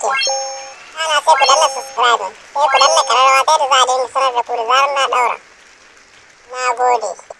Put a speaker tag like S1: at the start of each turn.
S1: ke ana sai ku danna subscribe sai ku danna kararrawa ta yadda za sanar da zarar na na gode